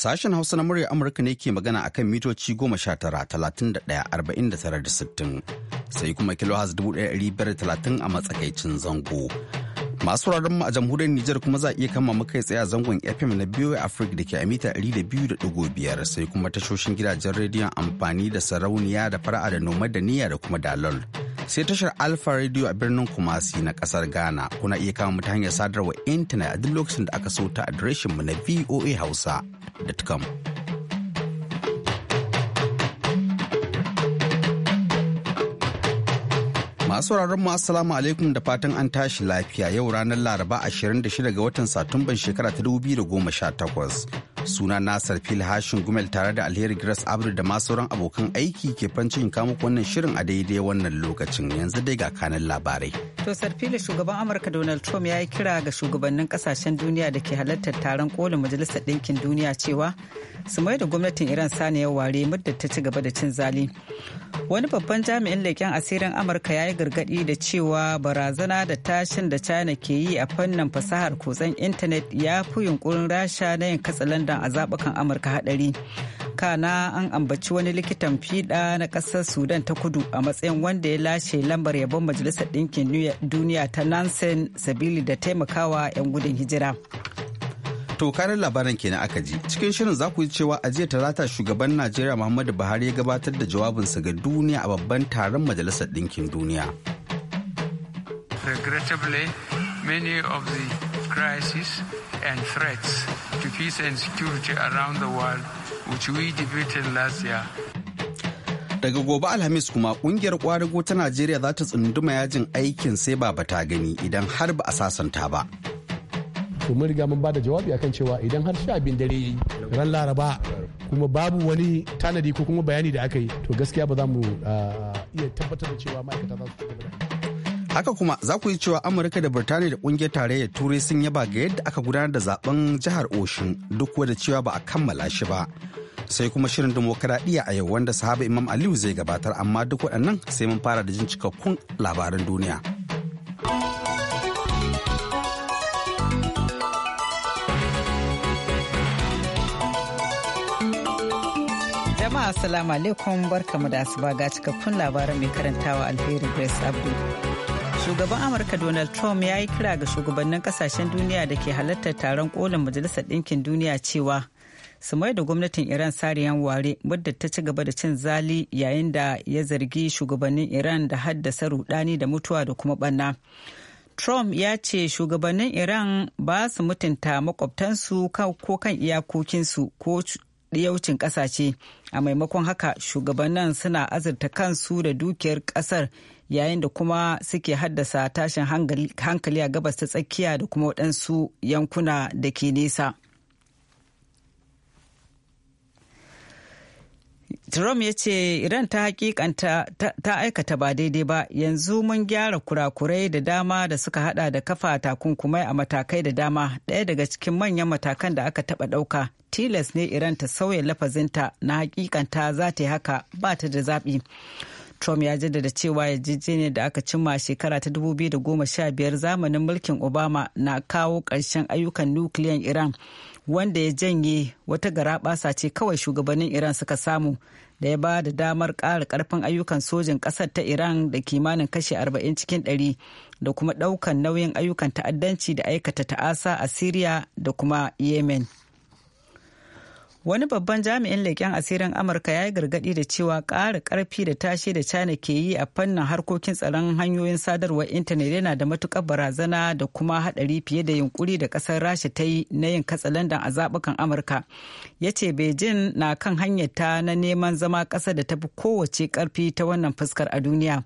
Sashen Hausa na murya Amurka ne ke magana akan mitoci goma sha tara talatin da ɗaya arba'in da tara da sittin sai kuma kilohaz dubu ɗaya ɗari biyar da talatin a matsakaicin zango. Masu wuraren mu a jamhuriyar Nijar kuma za a iya kama mu kai tsaye a zangon FM na BOA Africa da ke a mita 200.5 sai kuma tashoshin gidajen rediyon amfani da sarauniya da fara'a da noma da niyya da kuma dalol. Sai tashar Alpha Radio a birnin Kumasi na kasar Ghana kuna iya kama mu ta hanyar sadarwa intanet a duk lokacin da aka so ta adireshin mu na voa voahausa.com. Masu sauraron mu assalamu alaikum da fatan an tashi lafiya yau ranar Laraba 26 ga watan Satumban shekara ta 2018. Suna Nasar Fil Hashin Gumel tare da Alheri Grace Abdu da masu sauran abokan aiki ke fancin kamu wannan shirin a daidai wannan lokacin yanzu dai ga kanan labarai. To Sarfila shugaban Amurka Donald Trump ya yi kira ga shugabannin kasashen duniya da ke halartar taron kolin Majalisar Ɗinkin Duniya cewa su mai da gwamnatin iran saniya ware muddin ta ci gaba da cin zali wani babban jami'in leken asirin amurka ya yi gargadi da cewa barazana da tashin da china ke yi a fannin fasahar kutsen intanet ya fi yunkurin rasha na yin katsalandan a zabukan amurka hadari kana an ambaci wani likitan fiɗa na ƙasar sudan ta kudu a matsayin wanda ya lashe lambar yabon majalisar ɗinkin duniya ta nansen sabili da taimakawa 'yan gudun hijira To karin labaran kenan aka ji. Cikin shirin za ku yi cewa a jiya talata shugaban Najeriya Muhammadu Buhari ya gabatar da jawabinsa ga duniya a babban taron Majalisar Ɗinkin Duniya. Regrettably, many of the crises and threats to peace and security around the world which we debated last year daga gobe alhamis kuma ƙungiyar kwarigo ta najeriya za ta tsunduma yajin aikin sai ba ba ta gani idan har ba a sasanta ba to mun riga mun bada jawabi akan cewa idan har sha abin dare ran laraba kuma babu wani tanadi ko kuma bayani da aka yi to gaskiya ba za mu ah, iya tabbatar da cewa ma'aikata za su ci haka kuma za ku yi cewa amurka da birtaniya da kungiyar tarayyar turai sun yaba ga yadda aka gudanar da zaben jihar oshin duk da cewa ba a kammala shi ba sai kuma shirin dimokuraɗiyya a yau wanda sahaba imam aliyu zai gabatar amma duk waɗannan sai mun fara da jin cikakkun labaran duniya. assalamu alaikum barkamu da asuba ga cikakkun labaran mai karantawa alheri grace abdul shugaban amurka donald trump ya yi kira ga shugabannin kasashen duniya da ke halartar taron kolin majalisar ɗinkin duniya cewa su mai da gwamnatin iran sariyan ware wadda ta ci gaba da cin zali yayin da ya zargi shugabannin iran da haddasa rudani da mutuwa da kuma banna trump ya ce shugabannin iran ba su mutunta makwabtansu ko kan iyakokinsu ko ɗiyaucin ƙasashe a maimakon haka shugabannin suna azurta kansu da dukiyar ƙasar yayin da kuma suke haddasa tashin hankali a gabas ta tsakiya da kuma waɗansu yankuna da ke nesa. Trump ya ce Iran ta hakikanta ta aikata ba daidai ba yanzu mun gyara kurakurai da dama da suka hada da kafa takunkumai a matakai da dama daya daga cikin manyan matakan da aka taɓa ɗauka tilas ne Iran ta sauya lafazinta na hakikanta za ta yi haka ba ta da zaɓi. Trump ya jaddada cewa yarjejeniyar da aka cimma shekara ta 2015 zamanin mulkin Obama na kawo ƙarshen ayyukan nukiliyan Iran wanda ya janye wata garaɓasa ce kawai shugabannin Iran suka samu da ya ba da damar ƙara ƙarfin ayyukan sojin ƙasar ta Iran da kimanin kashe 40 cikin 100 da kuma ɗaukan nauyin ayyukan ta'addanci da aikata ta'asa a Siriya da kuma Yemen. wani babban jami'in leƙen asirin amurka ya yi gargaɗi da cewa ƙara ƙarfi da tashi da china ke yi a fannin harkokin tsaron hanyoyin sadarwar intanet yana da matuƙar barazana da kuma haɗari fiye da yunkuri da ƙasar rasha ta yi na yin katsalandan a zaɓukan amurka ya ce beijing na kan hanyar ta na neman zama ƙasa da ta fi kowace ƙarfi ta wannan fuskar a duniya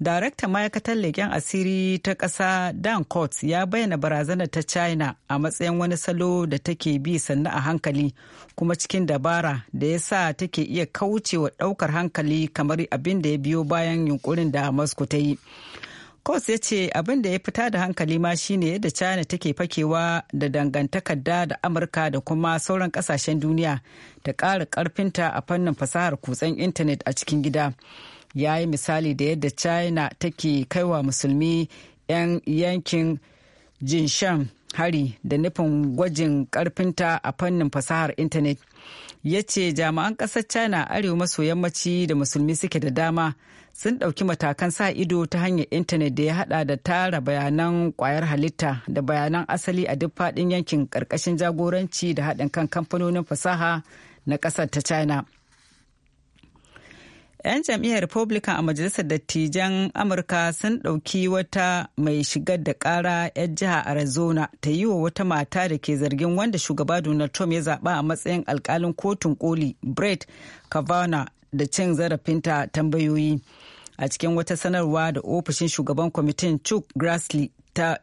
Daraktan ma'aikatar leƙen asiri ta ƙasa Dan Coats ya bayyana barazanar ta China a matsayin wani salo da take bi sannu a hankali kuma cikin dabara da ya sa take iya kaucewa ɗaukar hankali kamar abin da ya biyo bayan yunkurin da Moscow ta yi. Coats ya ce abin da ya fita da hankali ma shine yadda China take fakewa da dangantakar da da Amurka da kuma sauran kasashen duniya da ƙara ƙarfinta a fannin fasahar kutsen intanet a cikin gida. ya yi misali da yadda china take kaiwa musulmi 'yan yankin jinshan hari da nufin gwajin karfinta a fannin fasahar intanet ya ce jami'an ƙasar china arewa maso yammaci da musulmi suke da dama sun ɗauki matakan sa ido ta hanyar intanet da ya hada da tara bayanan kwayar halitta da bayanan asali a duk faɗin yankin ƙarƙashin jagoranci da haɗin kan kamfanonin fasaha na ƙasar ta china 'Yan jam'iyyar Republican a Majalisar Dattijan Amurka sun ɗauki wata mai shigar da ƙara 'yan jiha Arizona ta yi wa wata mata da ke zargin wanda shugaba Donald Trump ya zaɓa a matsayin alkalin kotun koli Brett Kavanaugh da cin zarafinta tambayoyi. A cikin wata sanarwa da ofishin shugaban kwamitin Chuck Grassley ta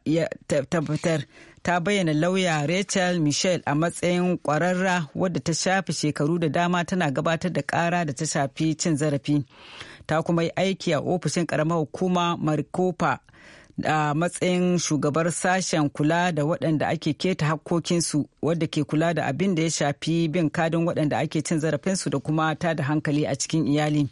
tabbatar ta bayyana lauya rachel michel a matsayin kwararra wadda ta shafi shekaru da dama tana gabatar da kara da ta shafi cin zarafi ta kuma yi aiki a ofishin karamar hukuma maricopa a matsayin shugabar sashen kula da waɗanda ake keta hakkokinsu wadda ke kula da abin da ya shafi bin kadin waɗanda ake cin zarafinsu da kuma ta da hankali a cikin iyali.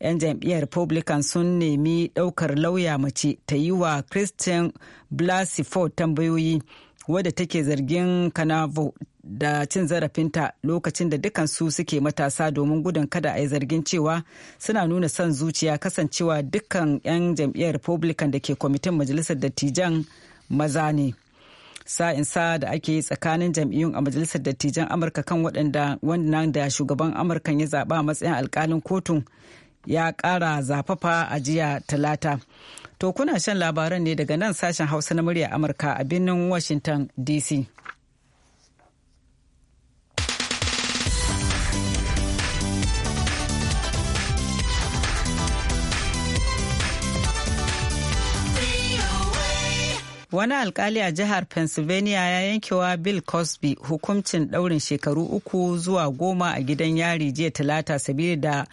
'yan jam'iyyar republican sun nemi ɗaukar lauya mace ta yi wa christian blasey ford tambayoyi wadda take zargin kanavo da cin zarafinta lokacin da dukansu suke matasa domin gudun kada a yi zargin cewa suna nuna son zuciya kasancewa dukkan 'yan jam'iyyar republican da ke kwamitin majalisar dattijan maza ne sa'insa da ake yi tsakanin jam'iyyun a majalisar dattijan amurka kan waɗanda wannan da shugaban amurka ya zaɓa matsayin alkalin kotun ya kara zafafa a jiya talata. To kuna shan labaran ne daga nan sashen Hausa na murya Amurka a birnin Washington DC. wani alkali a jihar pennsylvania ya yankewa bill cosby hukuncin daurin shekaru uku zuwa goma a gidan yari jiya talata sabida da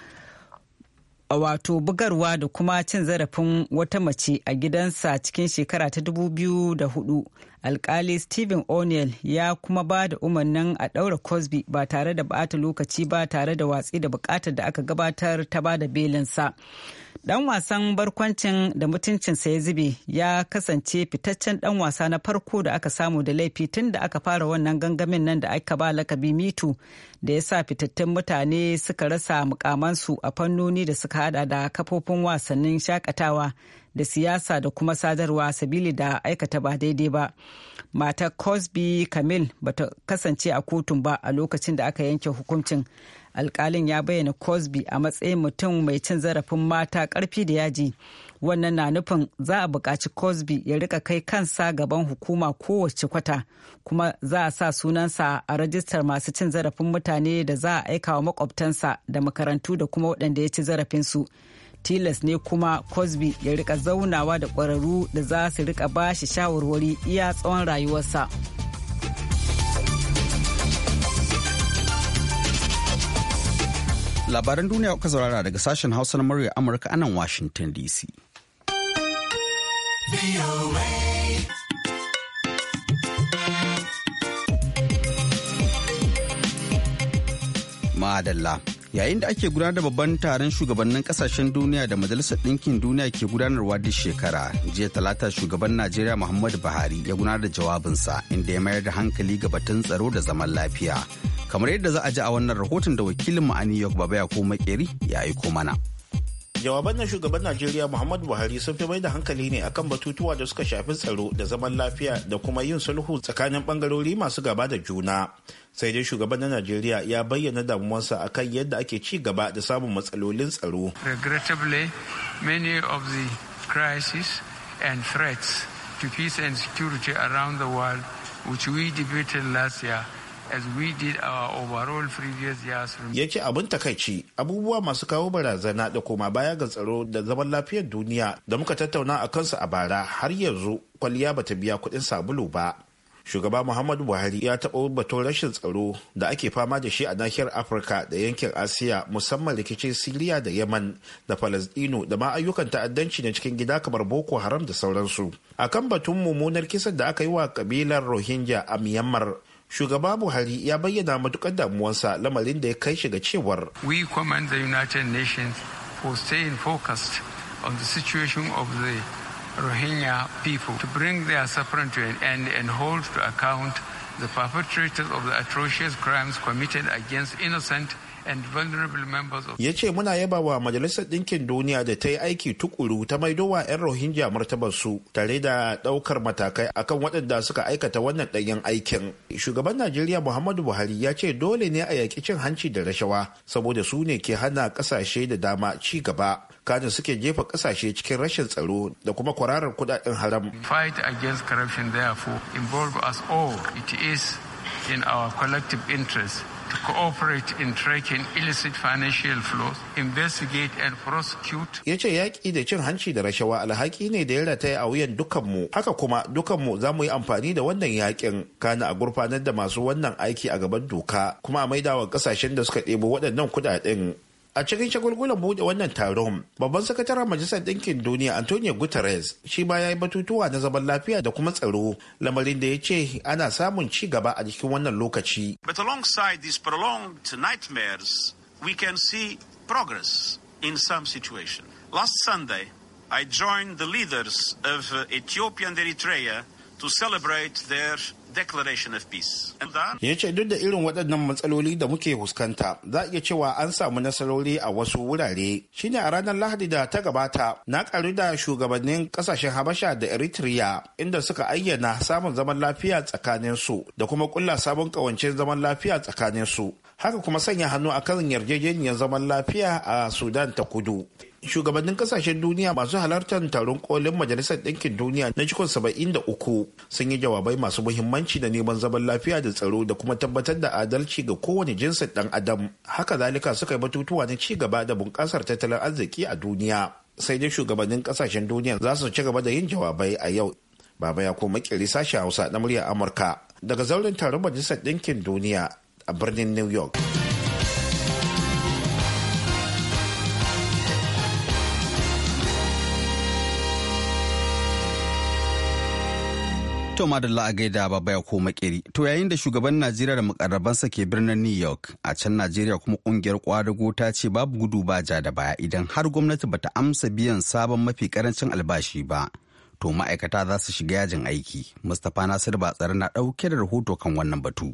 wato bugarwa da kuma cin zarafin wata mace a gidansa cikin shekara ta 2004 alkali stephen o'neill ya kuma ba da umarnin a ɗaura cosby ba tare da bata lokaci ba tare da watsi da bukatar da aka gabatar ta ba da belinsa Dan wasan barkwancin da mutuncinsa ya zube ya kasance fitaccen dan wasa na farko da aka samu da laifi tun da aka fara wannan gangamin nan da aka ba lakabi mitu da ya sa fitattun mutane suka rasa mukamansu a fannoni da suka hada da kafofin wasannin shakatawa da siyasa da kuma sadarwa sabili da aikata ba daidai ba. Matar Cosby Camille bata kasance a kotun ba a lokacin da aka yanke hukuncin. alkalin ya bayyana cosby a matsayin mutum mai cin zarafin mata karfi da yaji wannan na nufin za a buƙaci cosby ya rika kai kansa gaban hukuma kowace kwata kuma za a sa sunansa a rajistar masu cin zarafin mutane da za a aika wa makwabtansa da makarantu da kuma waɗanda ya ci zarafinsu tilas ne kuma cosby ya rika zaunawa da ƙwararru da za su rika bashi shawarwari iya tsawon rayuwarsa. Labaran duniya kuka saurara daga sashen Hausa na murya Amurka anan Washington DC. Madalla. yayin da ake gudanar da babban taron shugabannin kasashen duniya da majalisar ɗinkin duniya ke gudanarwa duk shekara jiya talata shugaban najeriya muhammadu buhari ya gudanar da jawabinsa inda ya mayar da hankali ga batun tsaro da zaman lafiya kamar yadda za a ji a wannan rahoton da wakilin mu a new york baba ya ko makeri ya aiko mana. jawaban na shugaban najeriya muhammadu buhari sun fi mai da hankali ne akan batutuwa da suka shafi tsaro da zaman lafiya da kuma yin sulhu tsakanin bangarori masu gaba da juna sai dai shugaban na najeriya ya bayyana damuwarsa akan yadda ake ci gaba da samun matsalolin tsaro regrettably many of the crises and threats to peace and security around the world which we debated last year as we did our Ya ce abin takaici abubuwa masu kawo barazana da koma baya ga tsaro da zaman lafiyar duniya da muka tattauna a kansu a bara har yanzu kwalliya bata biya kuɗin sabulu ba. Shugaba Muhammadu Buhari ya taɓa batun rashin tsaro da ake fama da shi a nahiyar Afirka da yankin Asiya musamman rikicin Siriya da Yaman da Falasɗinu da ma ayyukan ta'addanci na cikin gida kamar Boko Haram da sauransu. kan batun mummunar kisan da aka yi wa kabilar Rohingya a Myanmar shugaba buhari ya bayyana matukar damuwansa lamarin da ya kai shi ga cewar we commend the united nations for staying focused on the situation of the rohingya people to bring their suffering to an end and hold to account the perpetrators of the atrocious crimes committed against innocent ya ce muna yaba wa majalisar ɗinkin duniya da ta yi aiki tukuru ta maidowa 'yan rohingya martabarsu tare da ɗaukar matakai akan waɗanda suka aikata wannan ɗanyen aikin shugaban najeriya muhammadu buhari ya ce dole ne a yaƙi cin hanci da rashawa saboda su ne ke hana ƙasashe da dama ci gaba kanin suke jefa ƙasashe cikin rashin tsaro da kuma kwararar kuɗaɗen haram fight against corruption therefore involve us all it is in our collective interest to cooperate in tracking illicit financial flows, investigate and prosecute. Ya ce yaƙi da cin hanci da rashawa alhaki ne da ya rataya a wuyan dukanmu. Haka kuma dukanmu za mu yi amfani da wannan yaƙin kana a gurfanar da masu wannan aiki a gaban doka kuma a maidawa ƙasashen da suka ɗebo waɗannan kuɗaɗen. a cikin shagulgulan wannan taron babban sakataren majalisar ɗinkin duniya antonio guterres shi ma ya yi batutuwa na zaman lafiya da kuma tsaro lamarin da ya ce ana samun ci gaba a cikin wannan lokaci but alongside these prolonged nightmares we can see progress in some situation last sunday i joined the leaders of ethiopia and eritrea to celebrate their declaration of peace. Ya ce duk da irin waɗannan matsaloli da muke huskanta za a iya cewa an samu nasarori a wasu wurare. Shine a ranar Lahadi da ta gabata na ƙaru da shugabannin ƙasashen Habasha da Eritrea inda suka ayyana samun zaman lafiya tsakanin su da kuma ƙulla sabon ƙawancen zaman lafiya tsakanin su. Haka kuma sanya hannu a kan yarjejeniyar zaman lafiya a Sudan ta kudu. shugabannin kasashen duniya masu halartar taron kolin majalisar ɗinkin duniya na cikin saba'in da uku sun yi jawabai masu muhimmanci da neman zaman lafiya da tsaro da kuma tabbatar da adalci ga kowane jinsin ɗan adam haka zalika suka yi batutuwa na ci gaba da bunƙasar tattalin arziki a duniya sai dai shugabannin kasashen duniya za su ci gaba da yin jawabai a yau baba ya kuma kiri sashen hausa na muryar amurka daga zauren taron majalisar ɗinkin duniya a birnin new york. To madalla a gaida ba baya ko makiri. To yayin da shugaban Najeriya da mukarrabansa ke birnin New York, a can Najeriya kuma kungiyar kwadago ta ce babu gudu ba ja da baya idan har gwamnati bata amsa biyan sabon mafi karancin albashi ba. To ma'aikata za su shiga yajin aiki. Mustapha Nasir tsare na ɗauke da rahoto kan wannan batu.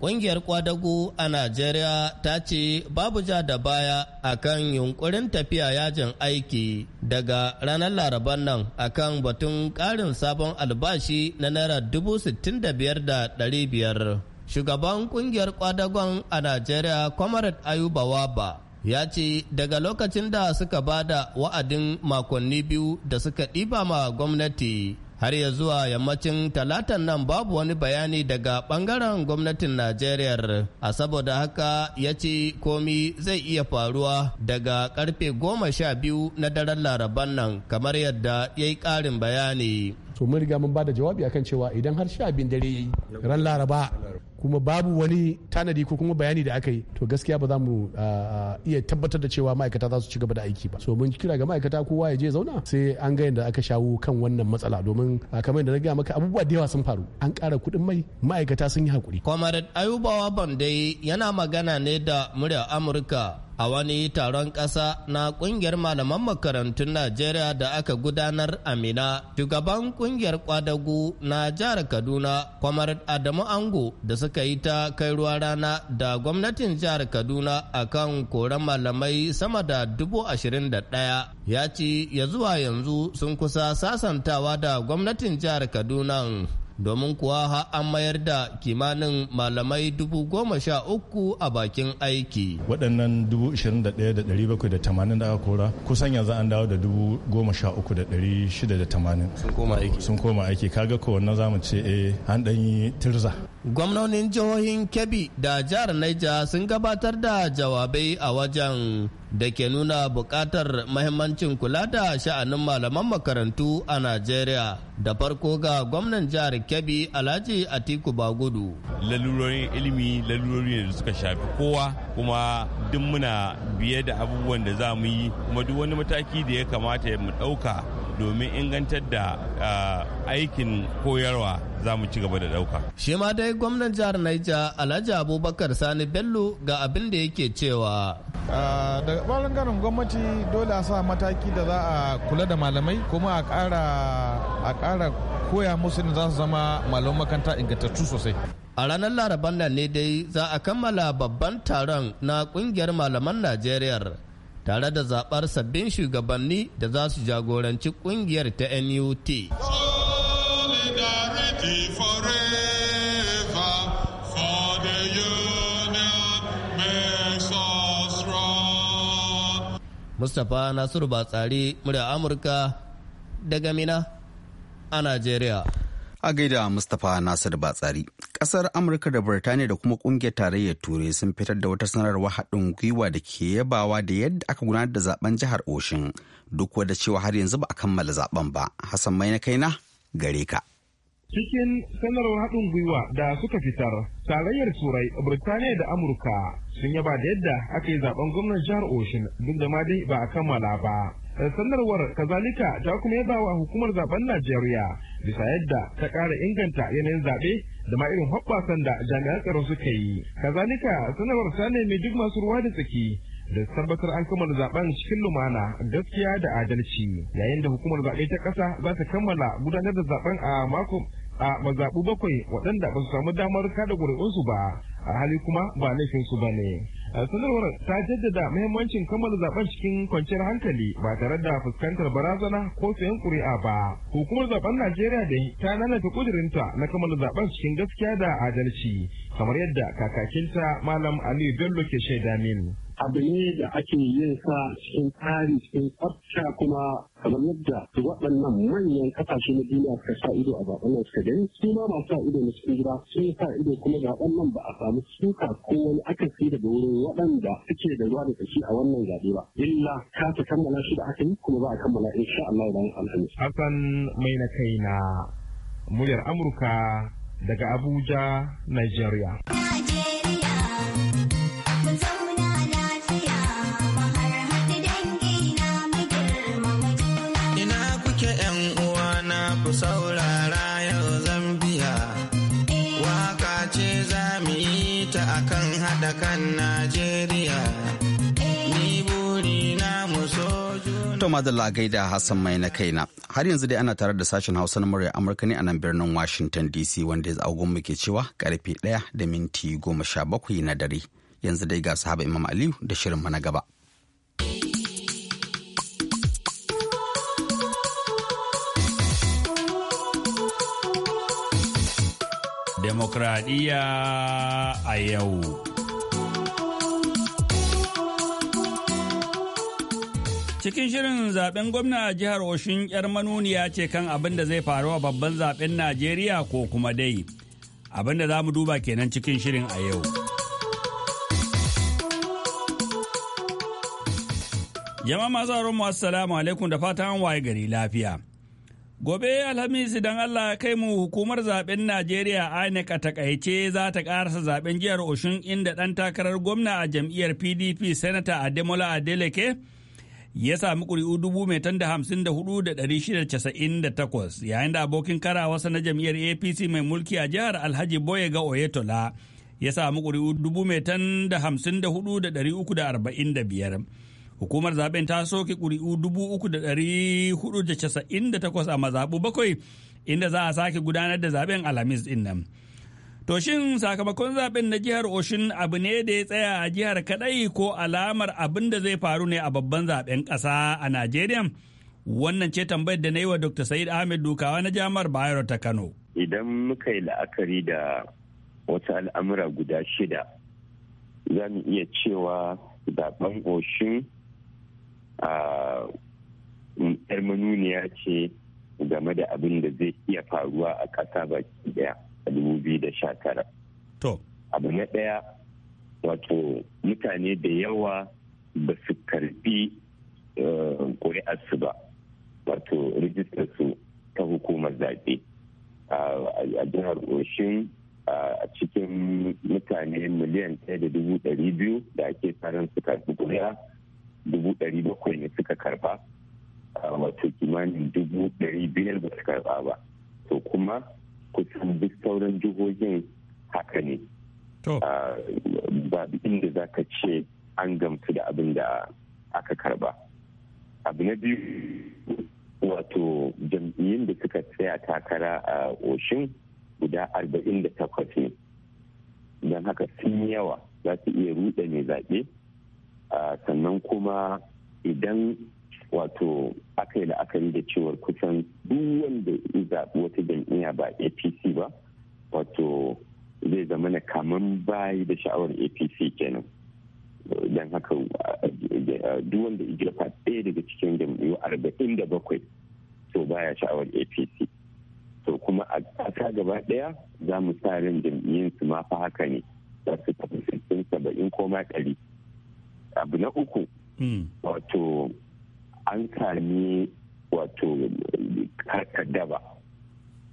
Ƙungiyar kwadago a Najeriya ta ce babu ja da baya akan yunkurin tafiya yajin aiki daga ranar laraban nan akan batun ƙarin sabon albashi na naira dubu sittin da biyar ɗari biyar. Shugaban ƙungiyar kwadagon a Najeriya Comrade Ayuba Waba ya ce daga lokacin da suka ba da wa'adin makonni biyu da suka ɗiba ma gwamnati har ya zuwa yammacin talatan nan babu wani bayani daga bangaren gwamnatin najeriya a saboda haka ya ce komi zai iya faruwa daga karfe goma sha biyu na daren laraban nan kamar yadda ya yi karin bayani so mun riga mun bada jawabi akan cewa idan har sha abin dare yayi ran laraba kuma babu wani tanadi ko kuma bayani da aka yi to gaskiya ba za mu ah, ah, iya tabbatar da cewa ma'aikata za su ci gaba da aiki ba so mun kira ga ma'aikata kowa ya je zauna sai an ga yadda aka shawo kan wannan matsala domin ah, kamar yadda na gaya maka abubuwa da yawa sun faru an ƙara kuɗin mai ma'aikata sun yi hakuri. Comrade Ayubawa bandai yana magana ne da murya Amurka a wani taron ƙasa na ƙungiyar malaman makarantun Najeriya da aka gudanar a Mina, shugaban ƙungiyar kwadagu na jihar Kaduna, Kwamar Adamu Ango da suka yi ta kai ruwa rana da gwamnatin jihar Kaduna akan koran malamai sama da dubu ashirin da ɗaya. Ya ce ya zuwa yanzu sun kusa sasantawa da gwamnatin jihar Kaduna. domin kuwa ha an mayar da kimanin malamai dubu goma sha uku a bakin aiki. Waɗannan dubu ishirin da ɗaya da ɗari bakwai da tamanin da aka kora kusan yanzu an dawo da dubu goma sha uku da ɗari shida da tamanin. Sun koma aiki. Sun koma aiki kaga ko wannan zamu ce eh an ɗan yi tirza. Gwamnonin jihohin Kebbi da jihar Niger sun gabatar da jawabai a wajen da ke nuna buƙatar mahimmancin kula da sha'anin malaman makarantu a Najeriya da farko ga gwamnan jihar Kebbi Alhaji Atiku Bagudu. Lalurorin ilimi lalurori da suka shafi kowa kuma duk muna biye da abubuwan da za mu yi kuma duk wani mataki da ya kamata mu ɗauka domin ingantar da ah, aikin koyarwa za mu ci gaba da ɗauka. Shi ma dai gwamnan jihar Naija Alhaji Abubakar Sani Bello ga abin da yake cewa. Ah, daga ɓangaren gwamnati dole a sa mataki da za a kula da malamai kuma a ƙara koya musu da za su zama malamai makaranta ingantattu sosai. A ranar Laraban nan ne dai za a kammala babban taron na ƙungiyar malaman Najeriya tare da zaɓar sabbin shugabanni da za su jagoranci ƙungiyar ta NUT. Mustapha Nasiru Batsari, murya Amurka daga Mina a Najeriya. A gaida Mustapha Nasiru Batsari. Ƙasar Amurka da Birtaniya da kuma ƙungiyar tarayyar Turai sun fitar da wata sanarwa haɗin gwiwa da ke yabawa da yadda aka gudanar da zaben jihar Oshin duk da cewa har yanzu ba a kammala zaben ba. Hassan mai na kaina gare ka. Cikin sanarwar haɗin gwiwa da suka fitar, tarayyar Turai, Birtaniya da Amurka sun yaba da yadda aka yi zaben gwamnan jihar Oshin duk da ma dai ba a kammala ba. Sanarwar kazalika ta kuma yabawa hukumar zaben Najeriya bisa yadda ta ƙara inganta yanayin zaɓe da ma irin hoɓɓasan da jami'an tsaron suka yi kazalika sanarwar ta nemi duk masu ruwa da tsaki da tabbatar an kammala zaben cikin lumana gaskiya da adalci yayin da hukumar zaɓe ta ƙasa za ta kammala gudanar da zaɓen a mako a mazaɓu bakwai waɗanda ba su samu damar kada ƙuri'unsu ba a hali kuma ba laifinsu ba ne. sanarwar ta jaddada mahimmancin kammala zaben cikin kwanciyar hankali ba tare da fuskantar barazana ko sayan kuri'a ba hukumar zaben najeriya da ta nanata kudurinta na kammala zaben cikin gaskiya da adalci kamar yadda kakakinta malam aliyu bello ke shaida min abu ne da ake yin sa cikin tsari cikin tsafta kuma kamar yadda waɗannan manyan kasashe na duniya suka sa ido a zaɓen nan suka gani su ma ba sa ido na cikin gida sun sa ido kuma zaɓen nan ba a samu suka ko wani akasi daga wurin waɗanda suke da ruwa da kashi a wannan zaɓe ba illa ka ta kammala shi da aka yi kuma za a kammala insha Allah bayan alhamis. Hassan mai na kai na muryar Amurka daga Abuja, Nigeria. madalla gaida Hassan mai na kaina. Har yanzu dai ana tare da sashen Hausa na murya Amurka ne a nan birnin Washington DC wanda ya zagon muke cewa karfe ɗaya da minti goma sha bakwai na dare. Yanzu dai ga sahaba Imam Aliyu da shirin mana gaba. Demokradiyya a yau. Cikin shirin zaben gwamna a jihar Oshin yar manuniya ce kan abin da zai faru a babban zaben Najeriya ko kuma dai. Abin da za mu duba kenan cikin shirin a yau. Jama'a masu mu assalamu alaikum da fatan waye gari lafiya. Gobe Alhamis idan Allah kai mu hukumar zaben Najeriya INEC a takaice za ta karasa zaben jihar Oshun inda ɗan takarar gwamna a jam'iyyar PDP senator Ademola Adeleke ya sami ƙuri'u dubu mai tan da hamsin da hudu da ɗari shida casa'in da takwas yayin da abokin karawarsa na jam'iyyar apc mai mulki a jihar alhaji boyega oyetola ya sami ƙuri'u dubu mai tan da hamsin da hudu da ɗari uku da arba'in da biyar hukumar zaben ta soke ƙuri'u dubu uku da ɗari hudu da casa'in da takwas a mazaɓu bakwai inda za a sake gudanar da zaben alhamis ɗin nan To shin sakamakon zaben na jihar Oshin abu ne da ya tsaya a jihar kadai ko alamar abin da zai faru ne a babban zaben ƙasa a Najeriya? Wannan ce tambayar da na yi wa Dr. Said Ahmed Dukawa na jami'ar Bayero ta Kano. Idan muka yi la'akari da wata al'amura guda shida, za mu iya cewa zaben Oshin a manuniya ce game da abin da zai iya faruwa a ƙasa baki ɗaya. a 2019 to abu na ɗaya wato mutane da yawa ba su karbi eh, ƙuri'arsu ba wato rijistar su ta hukumar zaɓe a jihar oshin a cikin mutane miliyan ɗaya da dubu ɗari biyu da ake tsarin su karbi ƙuri'a dubu ɗari bakwai ne suka karba wato kimanin dubu ɗari biyar ba su karba ba to kuma kusan duk sauran jihohin haka ne ah, ba inda za ka ce an gamsu da abin da aka karba abu na biyu wato jam'iyyun da suka tsaya takara a oshin guda 48 ne don haka sun yi yawa za su iya rude mai zaɓe ah, sannan kuma idan wato aka yi la'akari da cewar kusan duk wanda in zaɓi wata jam'iyya ba apc ba wato zai zama na kaman bayi da sha'awar apc kenan don haka duk wanda ya jefa ɗaya daga cikin jam'iyyu arba'in da bakwai to baya sha'awar apc to kuma a ƙasa gaba ɗaya za mu sa ran jam'iyyun su ma fa haka ne za su tafi sittin saba'in ko ma ɗari abu na uku hmm. wato an sami wato karkar daba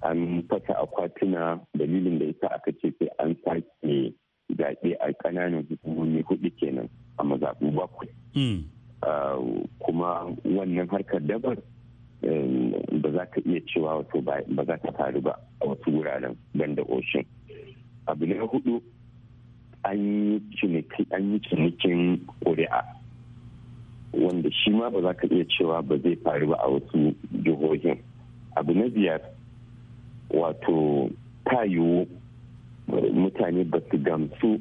an fasa akwatuna dalilin da ita aka ce sai an sake zaɓe a ƙananan hukumomi hudu kenan a mazaɓu bakwai hmm. ah, kuma wannan harkar dabar eh, ba za ka iya cewa wato ba za ta faru ba a wasu wuraren banda oshin abu na hudu an yi cinikin ƙuri'a wanda shi ma ba za ka iya cewa ba zai faru ba a wasu jihohin abu na biyar wato ta yiwu mutane ba su gamsu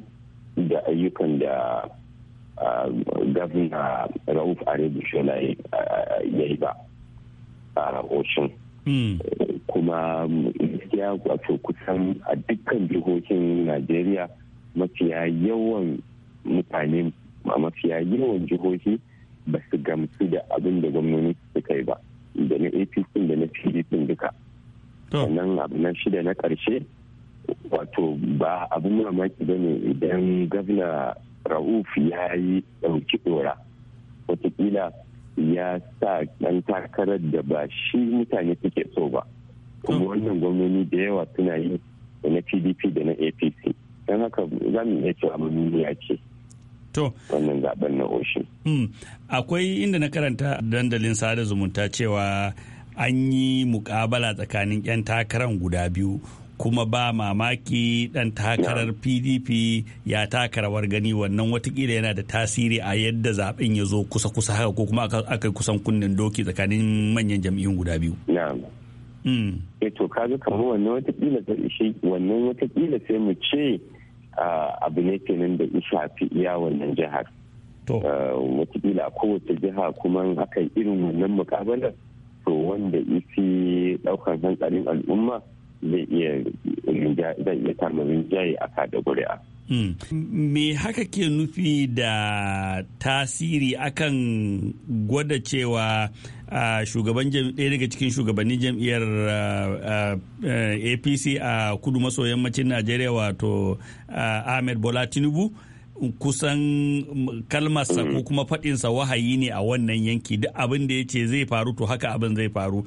da ayyukan da gavina rauf arabishola ya yi ba a rahoshin hmm. kuma gaskiya wato kusan a dukkan jihohin najeriya mafiya yawan mutane mafiya yawan jihohi ba su gamsu da abin da gwamnoni suka yi ba da na apc da na pdp duka sannan abu na shida na karshe wato ba abin mamaki ba ne idan gwamna rauf ya yi ɗauki ɗora watakila ya sa ɗan takarar da ba shi mutane suke so ba kuma wannan gwamnoni da yawa suna yi da na pdp da na apc don haka za mu iya cewa mamuniya ce To. Wannan zaben na Oshi. Hmm, akwai inda na karanta dandalin sada zumunta cewa an yi mukabala tsakanin 'yan takarar guda biyu kuma ba mamaki dan takarar pdp ya takara wargani gani wannan watakila yana da tasiri a yadda zaben ya zo kusa-kusa haka ko kuma aka kusan kunnen doki tsakanin manyan jam'iyyun guda biyu e to kaga kamar wannan watakila wannan watakila sai mu ce abu ne kenan da shafi iya wannan jihar watakila kowace jiha kuma aka yi irin wannan mukabalar to wanda isi daukan hankalin al'umma zai iya rinjaye a kada guri'a. Mm. Me haka ke nufi da tasiri akan gwada cewa shugaban ɗaya daga cikin shugabannin jam'iyyar APC a kudu maso yammacin Najeriya wato Ahmed Bola Tinubu kusan kalmarsa ko kuma faɗinsa wahayi ne a wannan yanki duk abin da ya ce zai faru to haka abin zai faru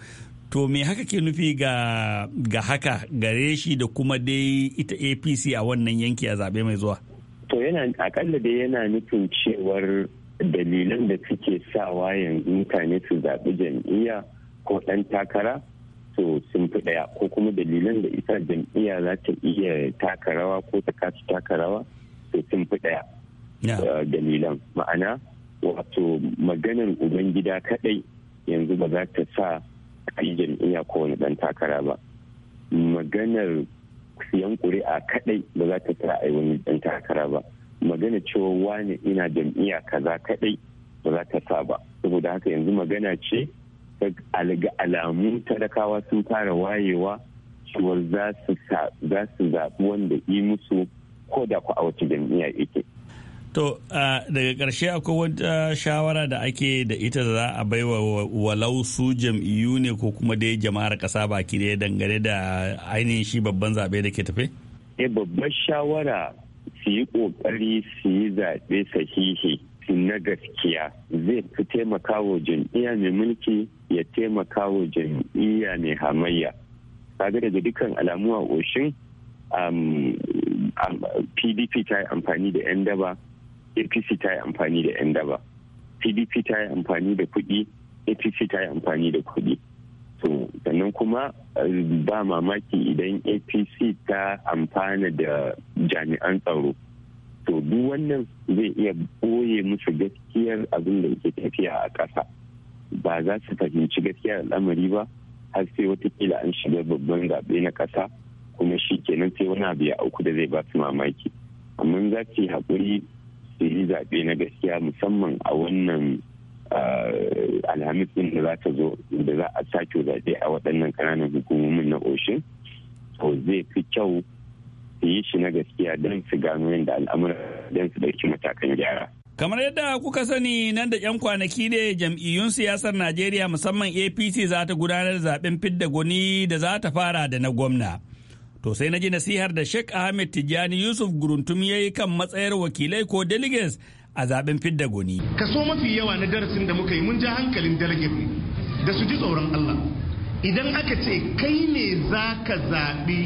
to me haka ke nufi ga, ga haka gare shi da kuma dai ita apc a wannan yanki a zaɓe mai zuwa to yana akalla dai yana nufin cewar dalilan da suke sawa yanzu mutane su zaɓi jam'iyya ko ɗan takara to sun fi ɗaya ko kuma dalilan da ita jam'iyya za ta iya takarawa ko ta kasu takarawa so sun fi ɗaya eh, dalilan ma'ana wato maganar ubangida kaɗai yanzu ba za ta sa kai jam'iyya ko wani ɗan takara ba maganar siyan ƙuri'a kadai ba za ta sa a wani dan takara ba magana cewa wani ina jam'iyya kaza kadai ba za ta sa ba saboda haka yanzu magana ce ga alamu talakawa sun fara wayewa cewar za su zaɓi wanda yi musu ko da ku a wace jam'iyya yake To daga ƙarshe akwai wata shawara da ake da ita za a baiwa walau su jam'iyyu ne ko kuma dai jama'ar ƙasa baki ne dangane da ainihin shi babban zaɓe da ke tafe? E babbar shawara su yi ƙoƙari su yi zaɓe sahihi na gaskiya zai fi taimaka wa jam'iyya mai mulki ya taimaka wa jam'iyya mai hamayya. Kaga daga dukkan alamu a ƙoshin pdp ta yi amfani da 'yan daba apc ta yi amfani da 'yan daba pdp ta yi amfani da kuɗi apc ta yi amfani da kuɗi to sannan kuma eh, ba mamaki idan apc ta amfana da jami'an tsaro to duk wannan zai iya ɓoye musu gaskiyar abin da yake tafiya a ƙasa ba za su fahimci gaskiyar al'amari ba har sai watakila an shiga babban zaɓe na ƙasa kuma shi kenan sai wani abu ya auku da zai ba su mamaki amma za su yi haƙuri su yi zaɓe na gaskiya musamman a wannan alhamis din da za ta zo da za a sake zaɓe a waɗannan ƙananan hukumomin na oshin to zai fi kyau su yi shi na gaskiya don su gano yadda al'amuran don su ɗauki matakan gyara. Kamar yadda kuka sani nan da 'yan kwanaki ne jam'iyyun siyasar Najeriya musamman APC za ta gudanar zaben fidda gwani da za ta fara da na gwamna. To sai na ji nasihar da Sheikh Ahmed Tijjani Yusuf Guruntum ya yi kan matsayar wakilai ko delegates a zaben fidda goni. Kaso mafi yawa na darasin da muka yi mun ja hankalin delegate da su ji tsoron Allah. Idan aka ce kai ne za ka zaɓi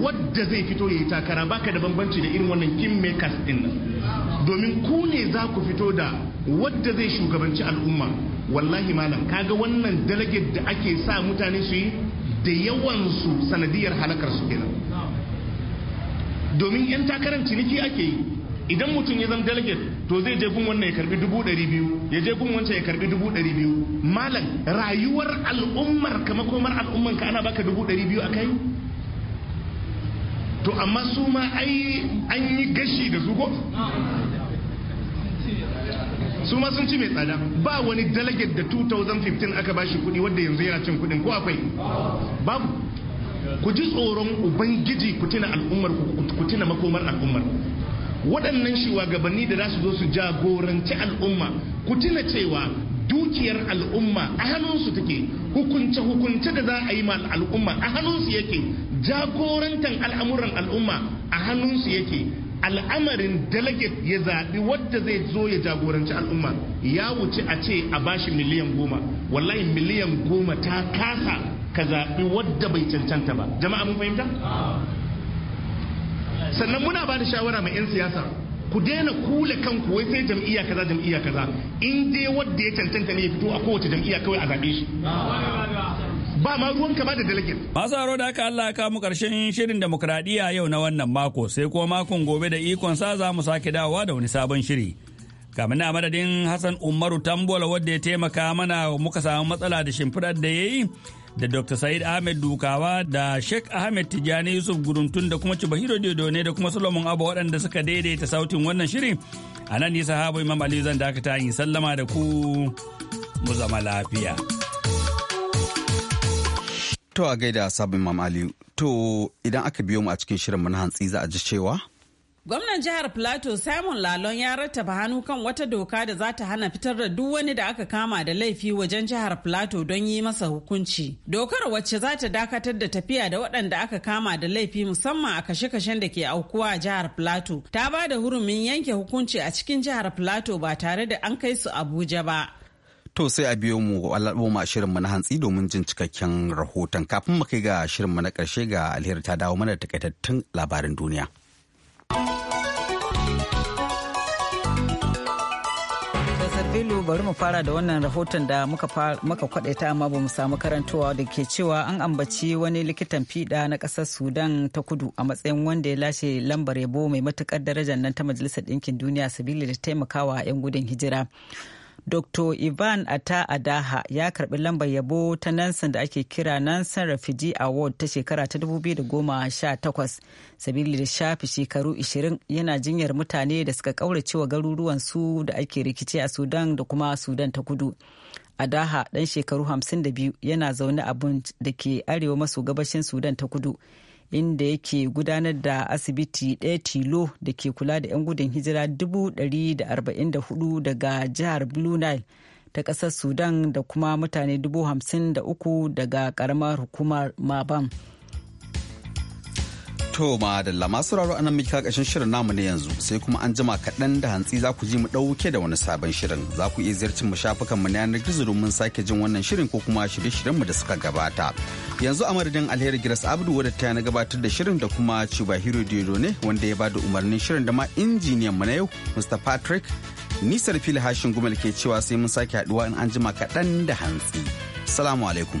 wadda zai fito ya yi takara baka da bambanci da irin wannan kingmakers din nan. Domin ku ne za ku fito da wadda zai shugabanci al'umma. Wallahi malam kaga wannan delegate da ake sa mutane su yi da yawansu sanadiyar halakar su kenan domin 'yan takarar ciniki ake yi idan mutum ya zama delegate to zai je gun wannan ya karbi dubu ɗari biyu ya je gun wancan ya karbi dubu ɗari biyu malam rayuwar al'ummar ka makomar al'ummar ka ana baka dubu ɗari biyu a kai to amma su ma an yi gashi da su ko su ma sun ci mai tsada ba wani delegate da 2015 aka bashi kuɗi wadda yanzu yana cin kuɗin ko akwai babu ku ji tsoron ubangiji ku tuna al'ummar ku tuna makomar al'ummar waɗannan shugabanni da za su zo su jagoranci al'umma ku tuna cewa dukiyar al'umma a hannunsu take hukunce hukunce da za a yi ma al'umma a hannunsu yake Jagorantan al'amuran al'umma a hannunsu yake al'amarin delegate ya zaɓi wadda zai zo ya jagoranci al'umma ya wuce a ce a bashi miliyan goma wallahi miliyan goma ta kasa ka zaɓi wadda bai cancanta ba jama'a mun fahimta sannan muna ba da shawara mai 'yan siyasa ku daina kula kanku wai sai jam'iyya kaza jam'iyya kaza in dai wadda ya cancanta ne ya fito a kowace jam'iyya kawai a zaɓe shi ba ma ruwan kama da delegate. Masu haro da aka Allah kamu karshen shirin demokradiyya yau na wannan mako sai kuma makon gobe da ikon sa za mu sake dawowa da wani sabon shiri. Kamin na madadin Hassan Umaru Tambola wadda ya taimaka mana muka samu matsala da shimfiɗar da ya yi da Dr. Said Ahmed Dukawa da Sheikh Ahmed Tijjani Yusuf Guruntun da kuma Cibahiro ne da kuma Solomon Abba waɗanda suka daidaita sautin wannan shirin. A nan nisa habu Imam Ali zan dakata yin sallama da ku mu zama lafiya. To a gaida sabon Imam To idan aka biyo mu a cikin shirin na hantsi za a ji cewa Gwamnan jihar Plateau Simon Lalon ya rattaba hannu kan wata doka da za ta hana fitar da duk wani da aka kama da laifi wajen jihar Plateau don yi masa hukunci. Dokar wacce za ta dakatar da tafiya da waɗanda aka kama da laifi musamman a kashe-kashen da ke aukuwa a jihar Plateau ta ba da hurumin yanke hukunci a cikin jihar Plateau ba tare da an kai su Abuja ba. To sai a biyo mu ma shirinmu na hantsi domin jin cikakken rahoton kafin mu kai ga shirinmu na ƙarshe ga alheri ta dawo mana da takaitattun labarin duniya. Bello bari mu fara da wannan rahoton da muka kwadaita amma ba mu samu karantowa da ke cewa an ambaci wani likitan fiɗa na ƙasar Sudan ta kudu a matsayin wanda ya lashe lambar yabo mai matukar darajar nan ta Majalisar Ɗinkin Duniya sabili da taimakawa 'yan gudun hijira. Dr. Ivan Ata Adaha ya karbi lambar yabo ta Nansan da ake kira Nansan Refugee Award ta shekara ta 2018 sabili da shafi shekaru 20 yana jinyar mutane da suka kauracewa garuruwan su da ake rikici a Sudan da kuma Sudan ta kudu. Adaha dan shekaru 52 yana zaune a da ke arewa maso gabashin Sudan ta kudu. inda yake gudanar da asibiti ɗaya tilo da ke kula da 'yan gudun hijira 144 daga jihar blue nile ta ƙasar sudan da kuma mutane 53 daga ƙaramar hukumar mabam to da masu raro anan muke kashin shirin namu na yanzu sai kuma an jima kaɗan da hantsi za ku ji mu ɗauke da wani sabon shirin za ku iya ziyarci mu shafukan mu na yanar gizo domin sake jin wannan shirin ko kuma shirye-shiryen mu da suka gabata yanzu a madadin alheri giras abdu wadda ta na gabatar da shirin da kuma ciba hiro diodo ne wanda ya bada umarnin shirin da ma injiniyan mu na yau mr patrick nisar fili hashin gumal ke cewa sai mun sake haduwa in an jima kaɗan da hantsi salamu alaikum